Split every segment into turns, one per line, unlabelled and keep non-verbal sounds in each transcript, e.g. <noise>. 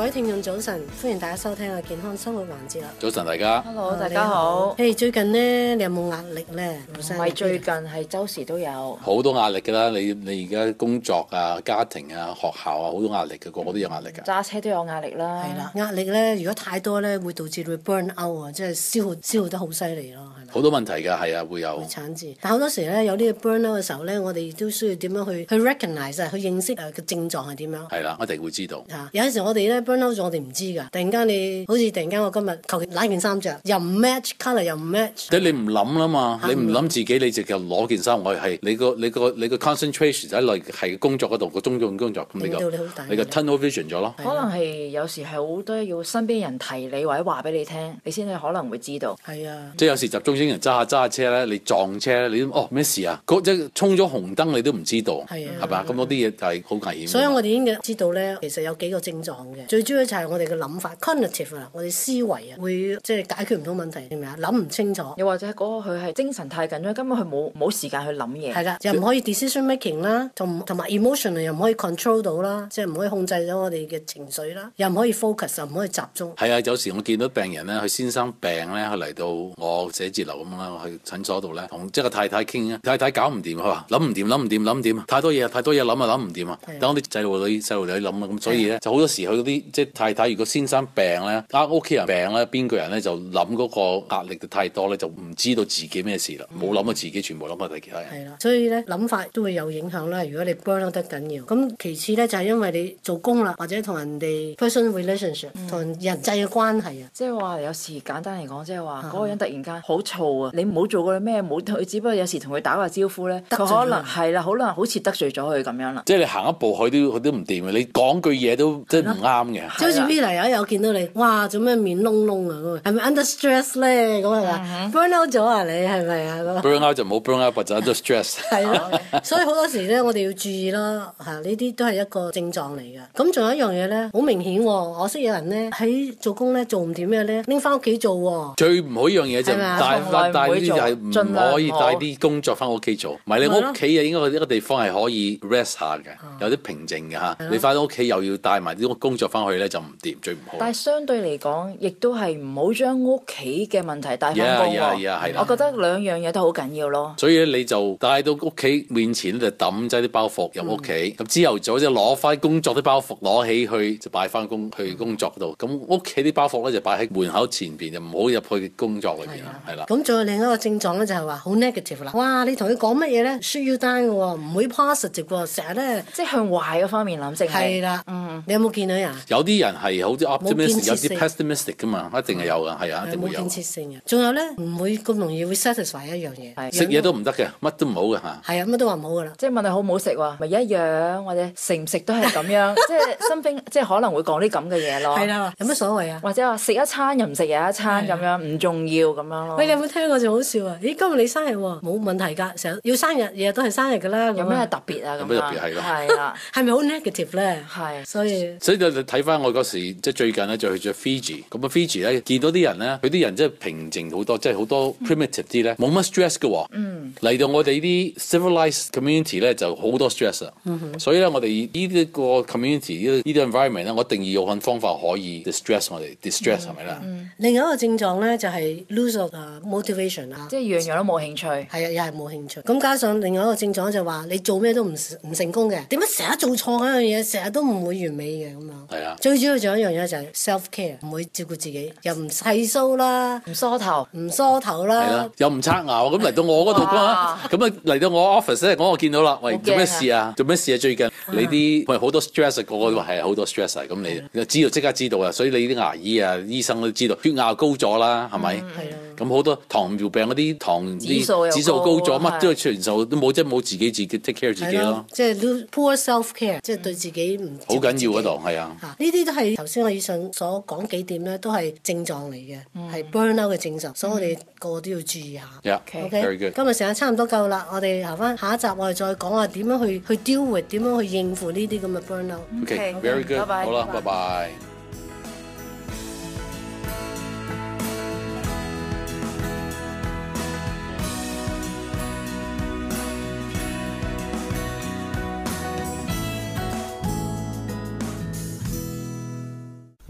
各位聽眾早晨，歡迎大家收聽我健康生活環節啦。
早晨，大家。Hello，oh,
大家好。嘿，hey，最近呢，你有冇壓力咧？唔係最近，係周時都有
好多壓力㗎啦。你你而家工作啊、家庭啊、學校啊，好多壓力㗎，個個都有壓力㗎。
揸車都有壓力啦。係啦，壓力咧，如果太多咧，會導致會 burn out 啊，即係消耗消耗得好犀
利咯。係好多問題㗎，係啊，會有會產生。
但好多時咧，有啲 burn out 嘅時候咧，我哋都需要點樣去去 recognize 啊，去認識啊嘅、呃、症狀係點樣？
係啦，我哋會知道嚇。
有陣時我哋咧。我哋唔知噶，突然間你好似突然間我今日求其拉件衫着，又唔 match color，又唔
match。即係你唔諗啦嘛，面你唔諗自己，你就嘅攞件衫，我係你個你個你個 concentration 喺內喺工作嗰度個重要工作，的令到你好大。你個 tunnel vision 咗咯。可
能係有時係好多要身邊人提你或者話俾你聽，你先至可能會知道。係
啊，即係有時集中啲人揸下揸下車咧，你撞車咧，你都哦咩事啊？即係衝咗紅燈，你都唔知道，係啊，係嘛吧？咁嗰啲嘢就係好危險。所以
我哋已經知道咧，其實有幾個症狀嘅。最主要就係我哋嘅諗法，cognitive 啊，itive，我哋思維啊，會即係解決唔到問題，知唔知啊？諗唔清楚，又或者嗰個佢係精神太緊張，根本佢冇冇時間去諗嘢。係啦，又唔可以 decision making 啦，同同埋 emotion 又唔可以 control 到啦，即係唔可以控制咗我哋嘅情緒啦，又唔可以 focus 又唔可以集中。
係啊，有時我見到病人咧，佢先生病咧，佢嚟到我寫字樓咁啦，去診所度咧，同即係個太太傾啊，太太搞唔掂，佢話諗唔掂，諗唔掂，諗唔掂啊？太多嘢，太多嘢諗啊，諗唔掂啊！等啲細路女細路女諗啊，咁所以咧就好多時佢嗰啲。即太太，如果先生病咧，啊屋企人病咧，邊個人咧就諗嗰個壓力就太多咧，就唔知道自己咩事啦，冇諗、嗯、過自己，全部諗到佢其他人。係啦，
所以咧諗法都會有影響啦。如果你 burn 得緊要，咁其次咧就係、是、因為你做工啦，或者同人哋 person relationship 同、嗯、人際嘅關係啊。即係話有時簡單嚟講即係話嗰個人突然間好燥的啊，你唔好做過咩，冇佢，只不過有時同佢打個招呼咧，可能係啦，可能好似得罪咗佢咁樣啦。即
係你行一步，佢都佢都唔掂嘅，你講句嘢都即係唔啱嘅。啊、就
好似 Bella 有一日我見到你，哇做咩面窿窿啊？係咪 under stress 咧？咁啊、mm hmm.，burn out 咗啊？你係咪啊
？burn out 就冇 burn out，或者 <laughs> under stress、 <laughs> 啊。係咯，
所以好多時咧，我哋要注意咯嚇，呢啲都係一個症狀嚟嘅。咁仲有一樣嘢咧，好明顯，我識有人咧喺做工咧做唔掂咩咧，拎翻屋企做喎。
最唔好一樣嘢就係帶翻、啊、帶啲就係唔可以帶啲工作翻屋企做。唔係你屋企啊，應該一個地方係可以 rest 一下嘅，有啲平靜嘅嚇。啊、你翻到屋企又要帶埋啲工作翻去。佢咧就唔掂，最唔好。但係
相對嚟講，亦都係唔好將屋企嘅問題帶翻工喎。Yeah, yeah, yeah, 我覺得兩樣嘢都好緊要咯。
所以你就帶到屋企面前，就揼低啲包袱入屋企。咁朝頭早就攞翻工作啲包袱攞起去，就擺翻工去工作度。咁屋企啲包袱咧就擺喺門口前面，就唔好入去工作裏面。啦的。係啦的。
咁仲有另一個症狀咧就係、是、話好 negative 啦。哇，你同佢講乜嘢咧？需要單嘅喎，唔會 positive 喎、哦。成日咧即係向壞嘅方面諗，淨係。啦、嗯。你有冇見到呀？
有。有啲人係好啲 optimistic，有啲 pessimistic 噶嘛，一定係有噶，係啊，一定
會有。冇建設性嘅。仲有咧，唔會咁容易會 satisfy 一樣嘢。食嘢都唔
得嘅，乜都唔好嘅嚇。係
啊，乜都話唔好噶啦。即係問你好唔好食喎，咪一樣，或者食唔食都係咁樣。即係身邊即係可能會講啲咁嘅嘢咯。係啦，有乜所謂啊？或者話食一餐又唔食又一餐咁樣，唔重要咁樣咯。喂，你有冇聽過就好笑啊？咦，今日你生日喎，冇問題㗎，成日要生日，日都係生日㗎啦。有咩特別啊？有咩特別係㗎？係啦，係咪好 negative 咧？係，所以
所以你睇翻。我嗰時即最近咧就去咗 Fiji。咁啊 Fiji 咧見到啲人咧，佢啲人真係平靜好多，即係好多 primitive 啲咧，冇乜 stress 嘅、哦。嚟、嗯、到我哋呢啲 civilized community 咧，就好多 stress 啦。嗯、哼所以咧，我哋呢啲個 community 呢啲 environment 咧，我定義個方法可以 distress 我哋，distress 係咪啦？
另一個症狀咧就係、是、lose of motivation 啦，即係樣樣都冇興趣，係啊，又係冇興趣。咁加上另外一個症狀就話你做咩都唔唔成功嘅，點解成日做錯嗰樣嘢，成日都唔會完美嘅咁樣。係啊。最主要仲有一樣嘢就係 self care，唔會照顧自己，又唔剃須啦，唔梳頭，唔梳頭啦，
又唔刷牙，咁嚟到我嗰度，噶咁啊，嚟到我 office 咧，我見到啦，喂，做咩事啊？做咩事啊？最近你啲喂，好多 stress 啊？個個都話係好多 stress 咁、嗯、你就知道即刻知道啊，所以你啲牙醫啊、醫生都知道，血壓高咗啦，係咪、嗯？係啊。咁好多糖尿病嗰啲糖指數高，指數高咗，乜都係全受，都冇即係冇自己自己 take care 自己咯。
即係 poor self care，即係對自己唔
好緊要嗰度，係啊。嚇，
呢啲都係頭先我以上所講幾點咧，都係症狀嚟嘅，係 burnout 嘅症狀，所以我哋個個都要注意下。OK 今日時間差唔多夠啦，我哋行翻下一集，我哋再講下點樣去去 deal with 點樣去應付呢啲咁嘅 burnout。OK very good。拜拜。好啦，
拜拜。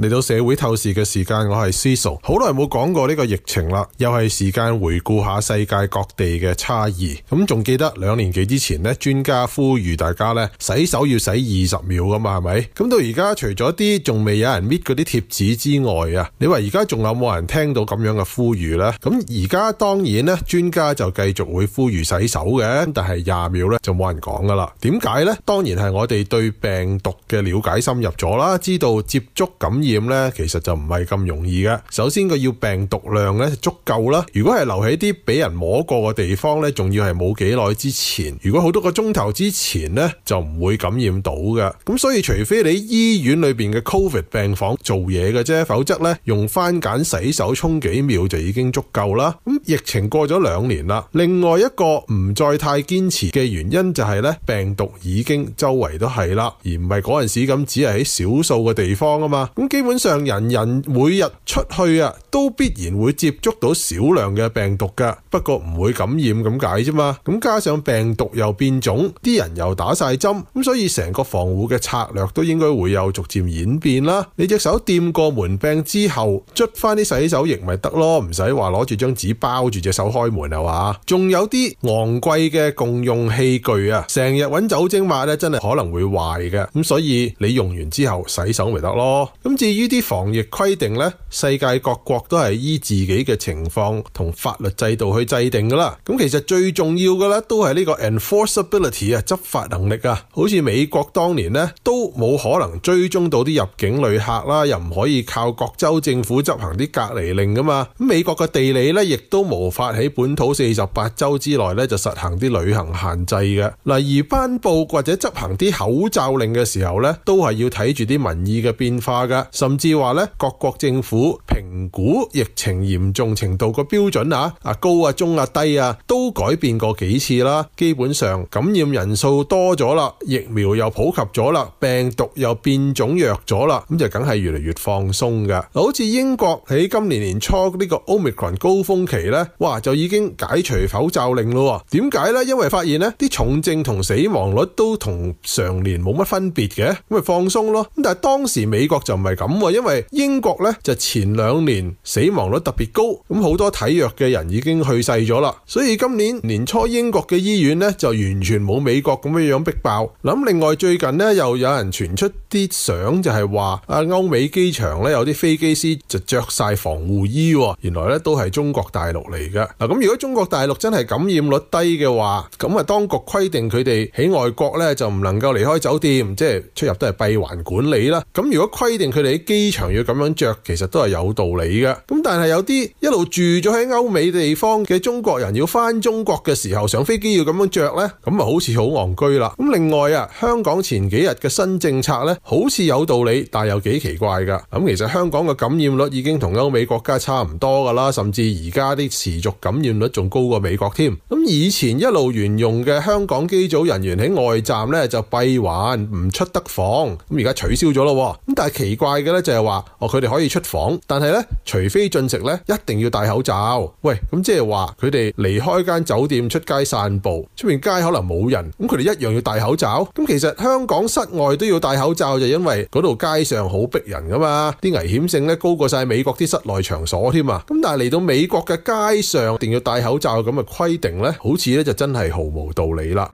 嚟到社會透視嘅時間，我係思熟，好耐冇講過呢個疫情啦，又係時間回顧下世界各地嘅差異。咁仲記得兩年幾之前呢，專家呼籲大家呢洗手要洗二十秒噶嘛，係咪？咁到而家除咗啲仲未有人搣嗰啲貼紙之外啊，你話而家仲有冇人聽到咁樣嘅呼籲呢？咁而家當然呢，專家就繼續會呼籲洗手嘅，但係廿秒呢，就冇人講噶啦。點解呢？當然係我哋對病毒嘅了解深入咗啦，知道接觸感染。感染咧，其實就唔係咁容易嘅。首先佢要病毒量咧足夠啦。如果係留喺啲俾人摸過嘅地方咧，仲要係冇幾耐之前。如果好多個鐘頭之前咧，就唔會感染到嘅。咁所以除非你喺醫院裏邊嘅 Covid 病房做嘢嘅啫，否則咧，用番梘洗手沖幾秒就已經足夠啦。咁疫情過咗兩年啦，另外一個唔再太堅持嘅原因就係咧，病毒已經周圍都係啦，而唔係嗰陣時咁只係喺少數嘅地方啊嘛。咁基本上人人每日出去啊，都必然會接觸到少量嘅病毒噶，不過唔會感染咁解啫嘛。咁加上病毒又變種，啲人又打晒針，咁所以成個防護嘅策略都應該會有逐漸演變啦。你隻手掂過門柄之後，捽翻啲洗手液咪得咯，唔使話攞住張紙包住隻手開門係嘛。仲有啲昂貴嘅共用器具啊，成日揾酒精抹咧，真係可能會壞嘅。咁所以你用完之後洗手咪得咯。咁至於啲防疫規定咧，世界各國都係依自己嘅情況同法律制度去制定噶啦。咁其實最重要嘅咧，都係呢個 enforceability 啊，執法能力啊。好似美國當年咧，都冇可能追蹤到啲入境旅客啦，又唔可以靠各州政府執行啲隔離令噶嘛。美國嘅地理咧，亦都無法喺本土四十八州之內咧就實行啲旅行限制嘅。例而頒布或者執行啲口罩令嘅時候咧，都係要睇住啲民意嘅變化噶。甚至話咧，各國政府評估疫情嚴重程度個標準啊，啊高啊、中啊、低啊，都改變過幾次啦。基本上感染人數多咗啦，疫苗又普及咗啦，病毒又變種弱咗啦，咁就梗係越嚟越放鬆噶。好似英國喺今年年初呢個 Omicron 高峰期咧，哇，就已經解除口罩令咯。點解咧？因為發現呢啲重症同死亡率都同常年冇乜分別嘅，咁咪放鬆咯。咁但係當時美國就唔係。咁啊，因為英國咧就前兩年死亡率特別高，咁好多體弱嘅人已經去世咗啦，所以今年年初英國嘅醫院咧就完全冇美國咁樣樣逼爆。咁，另外最近咧又有人傳出啲相，就係話啊，歐美機場咧有啲飛機師就着晒防護衣，原來咧都係中國大陸嚟㗎。嗱咁，如果中國大陸真係感染率低嘅話，咁啊，當局規定佢哋喺外國咧就唔能夠離開酒店，即係出入都係閉環管理啦。咁如果規定佢哋喺機場要咁樣着其實都係有道理嘅。咁但係有啲一路住咗喺歐美的地方嘅中國人，要翻中國嘅時候上飛機要咁樣着咧，咁啊好似好戇居啦。咁另外啊，香港前幾日嘅新政策咧，好似有道理，但係又幾奇怪噶，咁其實香港嘅感染率已經同歐美國家差唔多噶啦，甚至而家啲持續感染率仲高過美國添。咁以前一路沿用嘅香港機組人員喺外站咧就閉環唔出得房，咁而家取消咗咯。咁但係奇怪的。嘅咧就係話哦，佢哋可以出房，但係咧除非進食咧，一定要戴口罩。喂，咁即係話佢哋離開間酒店出街散步，出面街可能冇人，咁佢哋一樣要戴口罩。咁其實香港室外都要戴口罩，就因為嗰度街上好逼人噶嘛，啲危險性咧高過晒美國啲室內場所添啊。咁但係嚟到美國嘅街上，一定要戴口罩咁嘅規定咧，好似咧就真係毫無道理啦。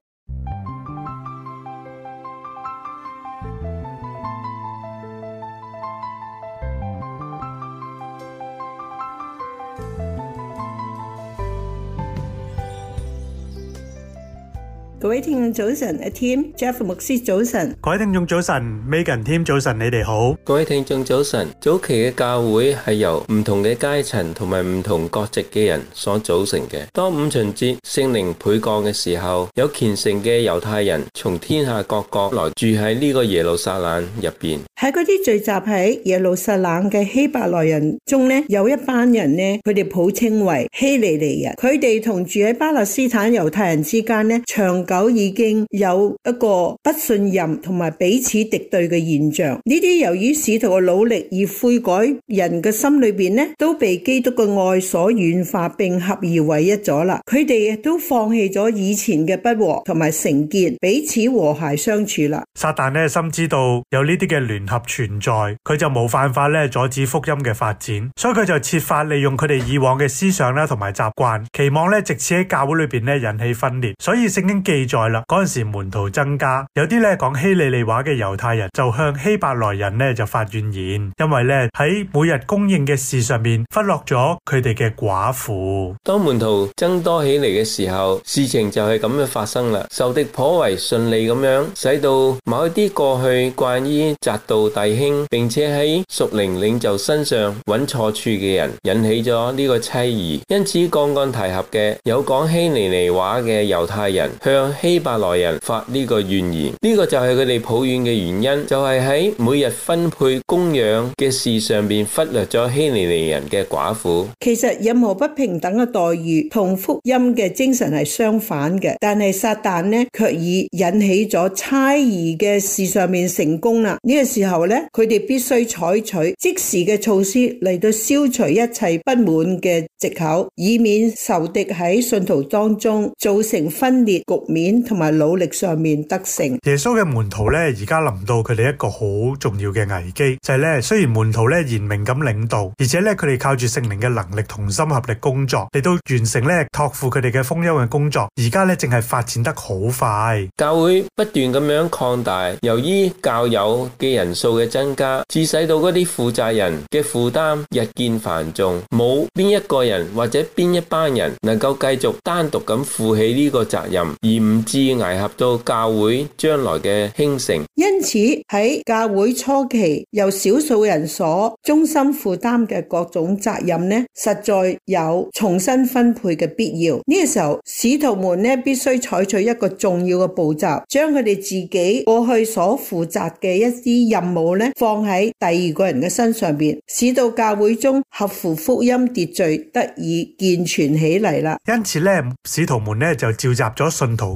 各位聽眾早晨，阿 Team Jeff Moses 早晨，
各位聽眾早晨
，Megan Team 早晨，你哋好，各位聽眾早晨。早期嘅教會係由唔同嘅階層同埋唔同國籍嘅人所組成嘅。當五旬節聖靈倍降嘅時候，有虔誠嘅猶太人從天下各國來住喺呢個耶路撒冷入邊。
喺嗰啲聚集喺耶路撒冷嘅希伯來人中咧，有一班人咧，佢哋普稱為希利尼人。佢哋同住喺巴勒斯坦猶太人之間咧，長久已經有一個不信任同埋彼此敵對嘅現象，呢啲由於使徒嘅努力而悔改，人嘅心裏邊呢都被基督嘅愛所軟化，並合而為一咗啦。佢哋都放棄咗以前嘅不和同埋成結，彼此和
諧相處啦。撒旦呢深知道有呢啲嘅聯合存在，佢就冇辦法阻止福音嘅發展，所以佢就設法利用佢哋以往嘅思想啦同埋習慣，期望呢借此喺教會裏邊呢引起分裂。所以聖經記記載啦，嗰陣時門徒增加，有啲咧講希利尼話嘅猶太人就向希伯來人咧就發怨言，因為咧喺每日供應嘅事上面忽略咗佢哋嘅寡
婦。當門徒增多起嚟嘅時候，事情就係咁樣發生啦。受敵頗為順利咁樣，使到某一啲過去慣於責道弟兄，並且喺屬靈領袖身上揾錯處嘅人，引起咗呢個猜疑。因此剛剛提及嘅有講希利尼話嘅猶太人向希伯來人發呢個怨言，呢個就係佢哋抱怨嘅原因，就係喺每日分配供養嘅事上邊忽略咗希利尼人嘅寡婦。
其實任何不平等嘅待遇同福音嘅精神係相反嘅，但係撒旦呢卻已引起咗猜疑嘅事上面成功啦。呢個時候呢，佢哋必須採取即時嘅措施嚟到消除一切不滿嘅借口，以免仇敵喺信徒當中造成分裂局面。面同埋努力上面得勝。
耶穌嘅門徒咧，而家臨到佢哋一個好重要嘅危機，就係咧，雖然門徒咧嚴明咁領導，而且咧佢哋靠住聖靈嘅能力同心合力工作，嚟到完成咧託付佢哋嘅豐收嘅工作。而家咧正係發展得好快，
教會不斷咁樣擴大，由於教友嘅人數嘅增加，致使到嗰啲負責人嘅負擔日見繁重，冇邊一個人或者邊一班人能夠繼續單獨咁負起呢個責任而。唔致危脅到教會將來嘅興盛，
因此喺教會初期由少數人所忠心負擔嘅各種責任呢，實在有重新分配嘅必要。呢個時候，使徒們呢必須採取一個重要嘅步驟，將佢哋自己過去所負責嘅一啲任務呢放喺第二個人嘅身上邊，使到教會中合乎福音秩序得以健全起嚟
啦。因此呢，使徒們呢就召集咗信徒。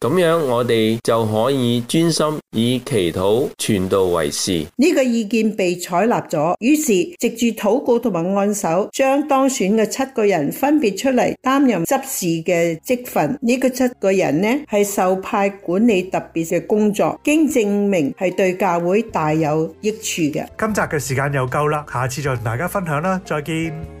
咁樣我哋就可以專心以祈禱傳道為事。
呢個意見被採納咗，於是藉住禱告同埋按手，將當選嘅七個人分別出嚟擔任執事嘅職份。呢、這個七個人呢，係受派管理特別嘅工作，經證明係對教會大有益處嘅。
今集嘅時間又夠啦，下次再同大家分享啦，再見。